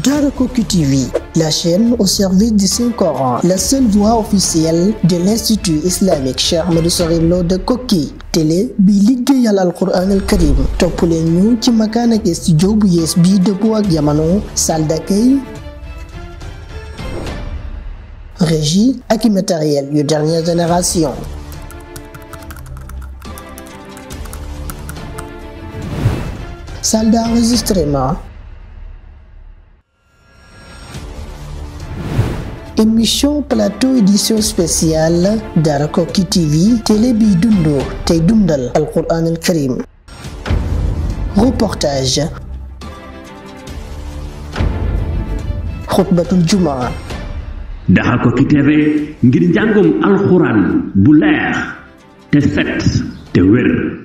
Daarakoki TV, la chaîne au service du Saint-Coran, la seule voix officielle de l'Institut islamique Cheikh Ahmadou Sakhir Lo de Koki. télé bi liggéeyal alquran al karim topp leen ñu ci makaan ak studio bu yees bii dëppoo ak jamono salle d'accueil régie ak i matériel yu dernière génération. émission plateau édition spéciale Daara Koki TV télé bi dundoo tey dundal alquran al karim reportage xutbatul jumaa Daara Koki TV ngir njàngum alquran bu leer te set te wér